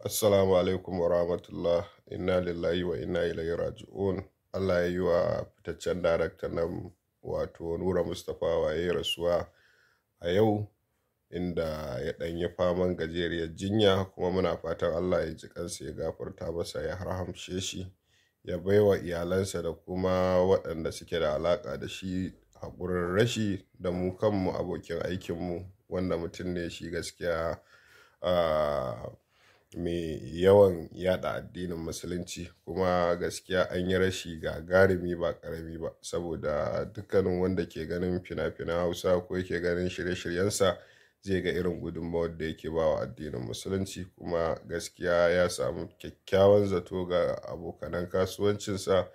Assalamu alaikum wa rahmatullah, inna lillahi wa inna ilaihi raju'un. Allah ya yi wa fitaccen darakta nan wato Nura Mustapha waye rasuwa a yau inda ya ɗanyi yi faman gajeriyar jinya kuma muna fatan Allah ya ji kansa ya gafarta masa ya harhamshe shi ya baiwa iyalansa da kuma waɗanda suke da alaƙa da shi haƙurin rashi da mu kanmu abokin aikinmu wanda mutum ne shi gaskiya ah, mai yawan yada addinin musulunci kuma gaskiya an yi rashi ga garimi ba karami ba saboda dukkanin wanda ke ganin fina-finan hausa ko yake ganin shirye-shiryensa zai ga irin gudunmawar da yake ba wa addinin musulunci kuma gaskiya ya samu kyakkyawan zato ga abokanan kasuwancinsa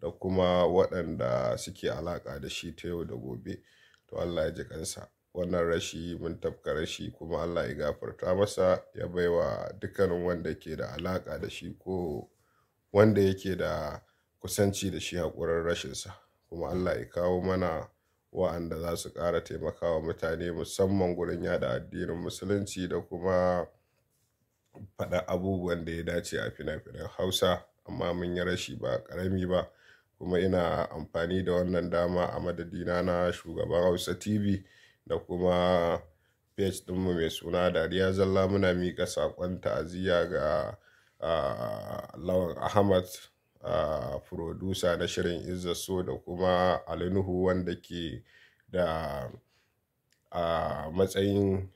da kuma waɗanda suke alaƙa da shi ta yau da gobe to allah ya ji kansa wannan rashi mun tafka rashi kuma Allah ya gafarta masa ya baiwa dukkanin wanda ke da alaƙa da shi ko wanda yake da kusanci da shi haƙurar rashinsa kuma Allah ya kawo mana wa'anda za su ƙara taimakawa mutane musamman gurin yada addinin musulunci da kuma faɗa abubuwan da ya dace a fina-finan hausa amma mun yi rashi ba ƙarami ba kuma ina amfani da wannan dama a madadina na shugaban hausa tv da kuma page ɗinmu mai suna dariya zalla muna mika saƙon ta'aziyya ga lawan ahmad furodusa na shirin izza so da kuma alinuhu wanda ke da a matsayin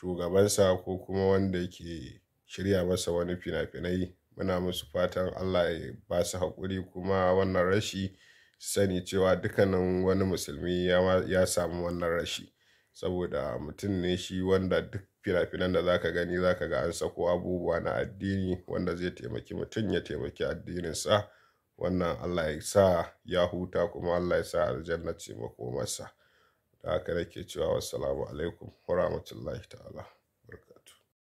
shugabansa ko kuma wanda ke shirya masa wani fina-finai muna musu fatan allah ya ba su haƙuri kuma wannan rashi sani cewa dukkanin wani musulmi ya samu wannan rashi saboda mutum ne shi wanda duk fina-finan da zaka gani zaka ga an sako abubuwa na addini wanda zai taimaki mutum ya taimaki addininsa wannan Allah ya sa ya huta kuma Allah ya sa aljanna taimako makomarsa da haka nake cewa Salamu alaikum wa rahmatullahi ta'ala